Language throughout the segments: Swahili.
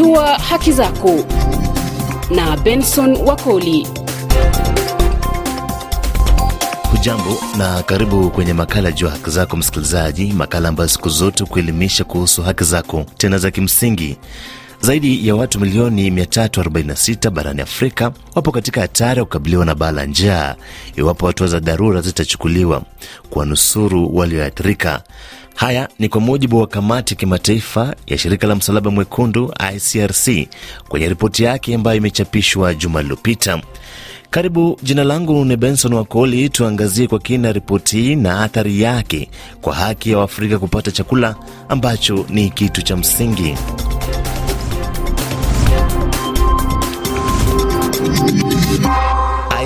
Jua haki zako na Benson Wakoli. Jambo na karibu kwenye makala juu ya haki zako, msikilizaji, makala ambayo siku zote kuelimisha kuhusu haki zako tena za kimsingi. Zaidi ya watu milioni 346 barani Afrika wapo katika hatari ya kukabiliwa na baa la njaa iwapo hatua za dharura zitachukuliwa kuwanusuru walioathirika. Haya ni kwa mujibu wa kamati kimataifa ya shirika la msalaba mwekundu ICRC kwenye ripoti yake ambayo imechapishwa juma lililopita. Karibu, jina langu ni Benson Wakoli. Tuangazie kwa kina ripoti hii na athari yake kwa haki ya Waafrika kupata chakula ambacho ni kitu cha msingi.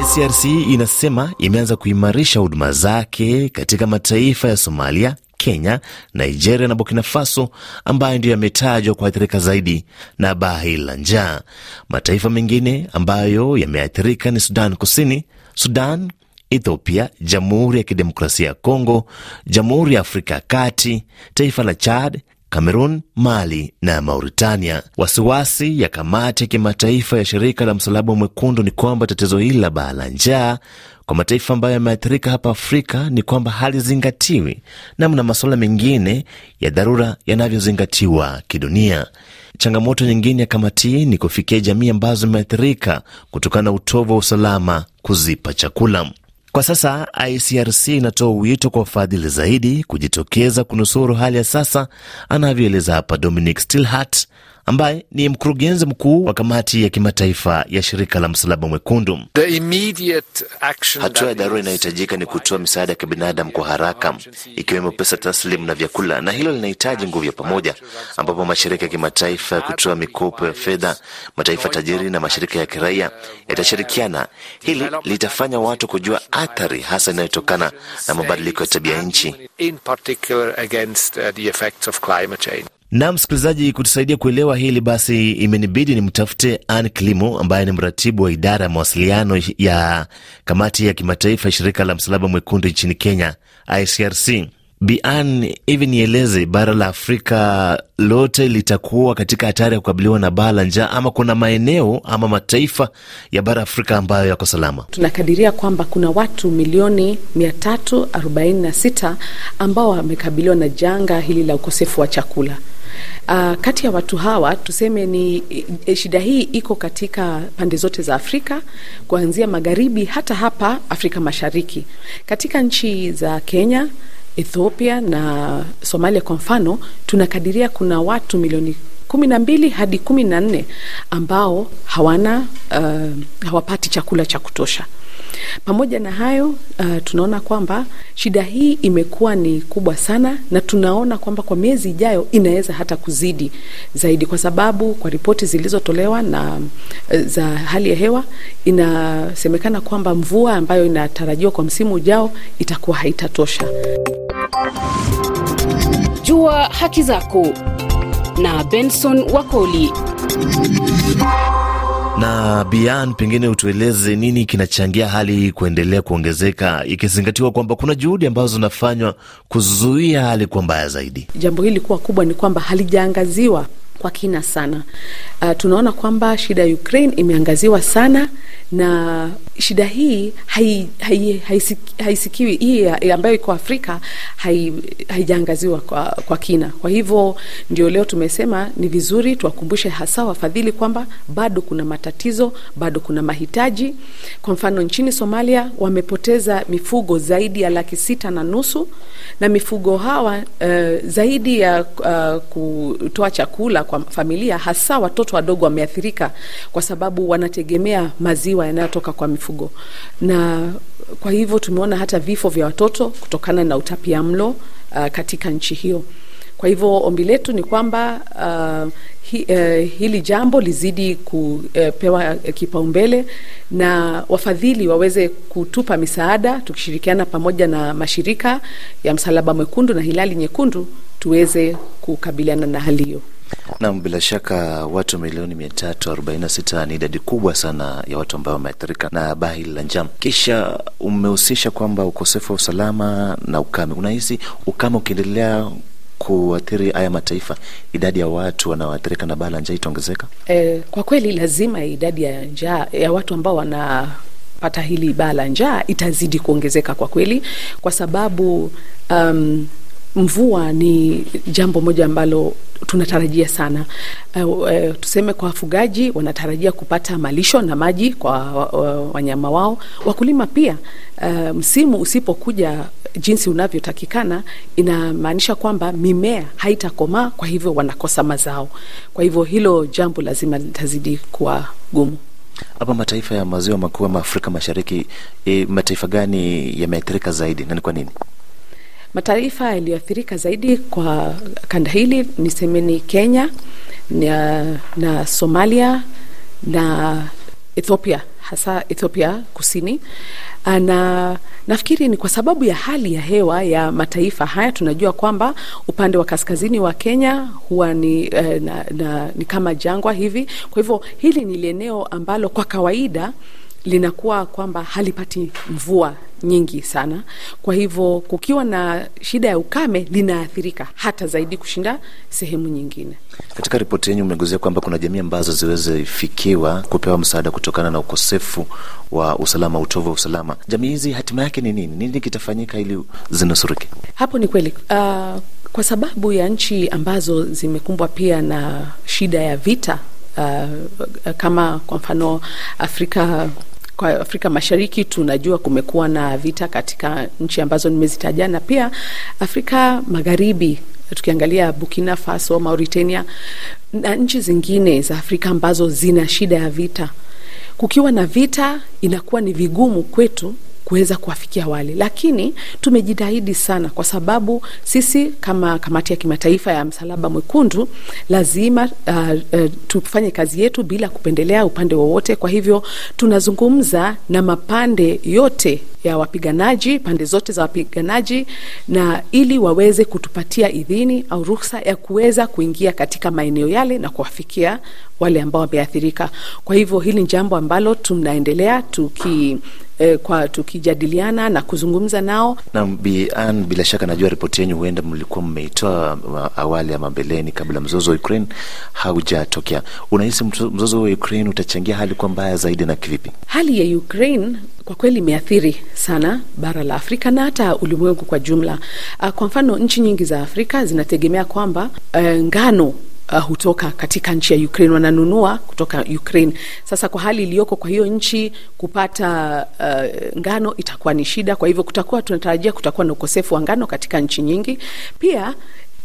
ICRC inasema imeanza kuimarisha huduma zake katika mataifa ya Somalia, Kenya, Nigeria na Burkina Faso ambayo ndiyo yametajwa kuathirika zaidi na baa hili la njaa. Mataifa mengine ambayo yameathirika ni Sudan Kusini, Sudan, Ethiopia, Jamhuri ya Kidemokrasia ya Kongo, Jamhuri ya Afrika ya Kati, taifa la Chad, Kamerun, Mali na Mauritania. Wasiwasi ya kamati ya kimataifa ya shirika la Msalaba Mwekundu ni kwamba tatizo hili la baa la njaa kwa mataifa ambayo yameathirika hapa Afrika ni kwamba halizingatiwi namna masuala mengine ya dharura yanavyozingatiwa kidunia. Changamoto nyingine ya kamati ni kufikia jamii ambazo zimeathirika kutokana na utovu wa usalama kuzipa chakula. Kwa sasa ICRC inatoa wito kwa wafadhili zaidi kujitokeza kunusuru hali ya sasa, anavyoeleza hapa Dominic Stillhart, ambaye ni mkurugenzi mkuu wa kamati ya kimataifa ya shirika la msalaba mwekundu. Hatua ya dharura inayohitajika ni kutoa misaada ya kibinadamu kwa haraka, ikiwemo pesa taslimu na vyakula, na hilo linahitaji nguvu ya pamoja, ambapo mashirika ya kimataifa ya kutoa mikopo ya fedha, mataifa tajiri na mashirika ya kiraia yatashirikiana. Hili litafanya watu kujua athari hasa inayotokana na mabadiliko ya tabia nchi. Na msikilizaji, kutusaidia kuelewa hili basi, imenibidi nimtafute Ann klimo ambaye ni mratibu wa idara ya mawasiliano ya kamati ya kimataifa shirika la msalaba mwekundu nchini Kenya, ICRC. Bian, hivi nieleze, bara la Afrika lote litakuwa katika hatari ya kukabiliwa na baa la njaa, ama kuna maeneo ama mataifa ya bara Afrika ambayo yako salama? Tunakadiria kwamba kuna watu milioni 346 ambao wamekabiliwa na janga hili la ukosefu wa chakula Uh, kati ya watu hawa tuseme ni e, shida hii iko katika pande zote za Afrika kuanzia magharibi hata hapa Afrika Mashariki. Katika nchi za Kenya, Ethiopia na Somalia kwa mfano, tunakadiria kuna watu milioni kumi na mbili hadi kumi na nne ambao hawana uh, hawapati chakula cha kutosha. Pamoja na hayo, uh, tunaona kwamba shida hii imekuwa ni kubwa sana, na tunaona kwamba kwa miezi ijayo inaweza hata kuzidi zaidi, kwa sababu kwa ripoti zilizotolewa na uh, za hali ya hewa inasemekana kwamba mvua ambayo inatarajiwa kwa msimu ujao itakuwa haitatosha. Jua haki zako na Benson Wakoli. Na Bian, pengine utueleze nini kinachangia hali hii kuendelea kuongezeka, ikizingatiwa kwamba kuna juhudi ambazo zinafanywa kuzuia hali kuwa mbaya zaidi. Jambo hili kuwa kubwa ni kwamba halijaangaziwa kwa kina sana. Uh, tunaona kwamba shida ya Ukraine imeangaziwa sana na shida hii hai, hai, haisikiwi hii ambayo iko Afrika haijaangaziwa hai kwa, kwa kina. Kwa hivyo ndio leo tumesema ni vizuri tuwakumbushe hasa wafadhili kwamba bado kuna matatizo, bado kuna mahitaji. Kwa mfano nchini Somalia wamepoteza mifugo zaidi ya laki sita na nusu na mifugo hawa uh, zaidi ya uh, kutoa chakula kwa kwa familia, hasa watoto wadogo wameathirika, kwa sababu wanategemea maziwa yanayotoka kwa mifugo, na kwa hivyo tumeona hata vifo vya watoto kutokana na utapia mlo uh, katika nchi hiyo. Kwa hivyo ombi letu ni kwamba uh, hi, uh, hili jambo lizidi kupewa uh, uh, kipaumbele na wafadhili waweze kutupa misaada, tukishirikiana pamoja na mashirika ya Msalaba Mwekundu na Hilali Nyekundu tuweze kukabiliana na hali hiyo. Nam, bila shaka watu milioni mia tatu arobaini na sita ni idadi kubwa sana ya watu ambao wameathirika na baa hili la njama. Kisha umehusisha kwamba ukosefu wa usalama na ukame. Unahisi ukame ukiendelea kuathiri haya mataifa, idadi ya watu wanaoathirika na baa la njaa itaongezeka? E, kwa kweli lazima idadi ya njaa ya watu ambao wana pata hili baa la njaa itazidi kuongezeka kwa kweli, kwa sababu um, Mvua ni jambo moja ambalo tunatarajia sana. Uh, uh, tuseme kwa wafugaji wanatarajia kupata malisho na maji kwa uh, wanyama wao. Wakulima pia uh, msimu usipokuja jinsi unavyotakikana inamaanisha kwamba mimea haitakomaa, kwa hivyo wanakosa mazao. Kwa hivyo hilo jambo lazima litazidi kuwa gumu. Hapa mataifa ya maziwa makuu ama Afrika Mashariki, e, mataifa gani yameathirika zaidi na ni kwa nini? Mataifa yaliyoathirika zaidi kwa kanda hili niseme ni Kenya na, na Somalia na Ethiopia, hasa Ethiopia Kusini ah, na nafikiri ni kwa sababu ya hali ya hewa ya mataifa haya. Tunajua kwamba upande wa kaskazini wa Kenya huwa ni, eh, na, na, ni kama jangwa hivi. Kwa hivyo hili ni eneo ambalo kwa kawaida linakuwa kwamba halipati mvua nyingi sana. Kwa hivyo kukiwa na shida ya ukame, linaathirika hata zaidi kushinda sehemu nyingine. Katika ripoti yenyu mmegusia kwamba kuna jamii ambazo ziwezefikiwa kupewa msaada kutokana na ukosefu wa usalama, utovu wa usalama. Jamii hizi hatima yake ni nini? Nini kitafanyika ili zinusurike? Hapo ni kweli uh, kwa sababu ya nchi ambazo zimekumbwa pia na shida ya vita uh, kama kwa mfano Afrika kwa Afrika Mashariki tunajua kumekuwa na vita katika nchi ambazo nimezitaja, na pia Afrika Magharibi tukiangalia Burkina Faso, Mauritania na nchi zingine za Afrika ambazo zina shida ya vita. Kukiwa na vita, inakuwa ni vigumu kwetu kuweza kuwafikia wale, lakini tumejitahidi sana, kwa sababu sisi kama kamati ya kimataifa ya msalaba mwekundu lazima uh, uh, tufanye kazi yetu bila kupendelea upande wowote. Kwa hivyo tunazungumza na mapande yote ya wapiganaji, pande zote za wapiganaji, na ili waweze kutupatia idhini au ruhusa ya kuweza kuingia katika maeneo yale na kuwafikia wale ambao wameathirika. Kwa hivyo hili ni jambo ambalo tunaendelea tuki Eh, kwa tukijadiliana na kuzungumza nao. Na Bi bila shaka najua ripoti yenyu huenda mlikuwa mmeitoa awali ama mbeleni kabla mzozo wa Ukraine haujatokea. Unahisi mzozo wa Ukraine utachangia hali kuwa mbaya zaidi na kivipi? Hali ya Ukraine kwa kweli imeathiri sana bara la Afrika na hata ulimwengu kwa jumla. Ah, kwa mfano, nchi nyingi za Afrika zinategemea kwamba e, ngano uh, hutoka katika nchi ya Ukraine, wananunua kutoka Ukraine. Sasa kwa hali iliyoko, kwa hiyo nchi kupata uh, ngano itakuwa ni shida. Kwa hivyo kutakuwa tunatarajia kutakuwa na ukosefu wa ngano katika nchi nyingi pia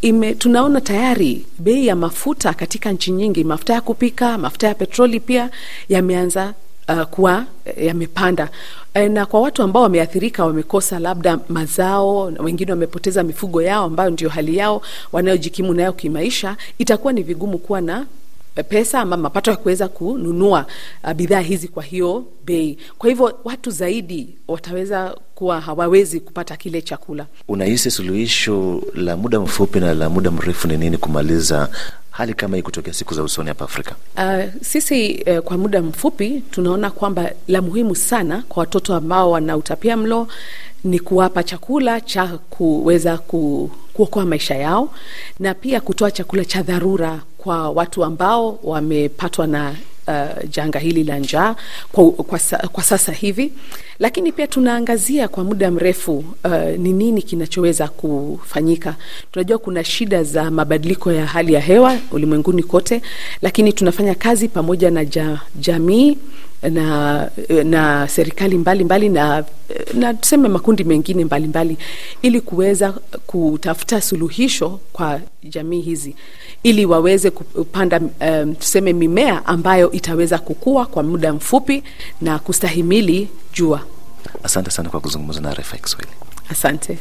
Ime, tunaona tayari bei ya mafuta katika nchi nyingi, mafuta ya kupika, mafuta ya petroli pia yameanza uh, kuwa eh, yamepanda eh, na kwa watu ambao wameathirika, wamekosa labda mazao, wengine wamepoteza mifugo yao ambayo ndio hali yao wanayojikimu nayo kimaisha, itakuwa ni vigumu kuwa na eh, pesa ama mapato ya kuweza kununua uh, bidhaa hizi kwa hiyo bei. Kwa hivyo watu zaidi wataweza kuwa hawawezi kupata kile chakula. Unahisi suluhisho la muda mfupi na la muda mrefu ni nini kumaliza hali kama hii kutokea siku za usoni hapa Afrika? Uh, sisi uh, kwa muda mfupi tunaona kwamba la muhimu sana kwa watoto ambao wana utapia mlo ni kuwapa chakula cha kuweza ku kuokoa maisha yao na pia kutoa chakula cha dharura kwa watu ambao wamepatwa na uh, janga hili la njaa kwa, kwa, kwa sasa hivi, lakini pia tunaangazia kwa muda mrefu uh, ni uh, nini kinachoweza kufanyika. Tunajua kuna shida za mabadiliko ya hali ya hewa ulimwenguni kote, lakini tunafanya kazi pamoja na ja, jamii na, na serikali mbalimbali mbali na, na tuseme makundi mengine mbalimbali mbali, ili kuweza kutafuta suluhisho kwa jamii hizi ili waweze kupanda um, tuseme mimea ambayo itaweza kukua kwa muda mfupi na kustahimili jua. Asante sana kwa kuzungumza na RFI Kiswahili. Asante.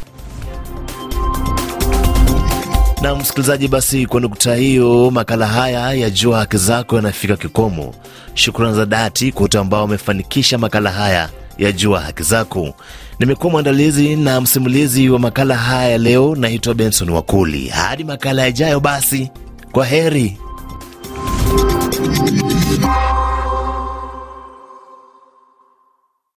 Na msikilizaji, basi kwa nukta hiyo, makala haya ya Jua Haki Zako yanafika kikomo. Shukrani za dhati kwa wote ambao wamefanikisha makala haya ya Jua Haki Zako. Nimekuwa mwandalizi na msimulizi wa makala haya leo, naitwa Benson Wakuli. Hadi makala yajayo, basi kwa heri.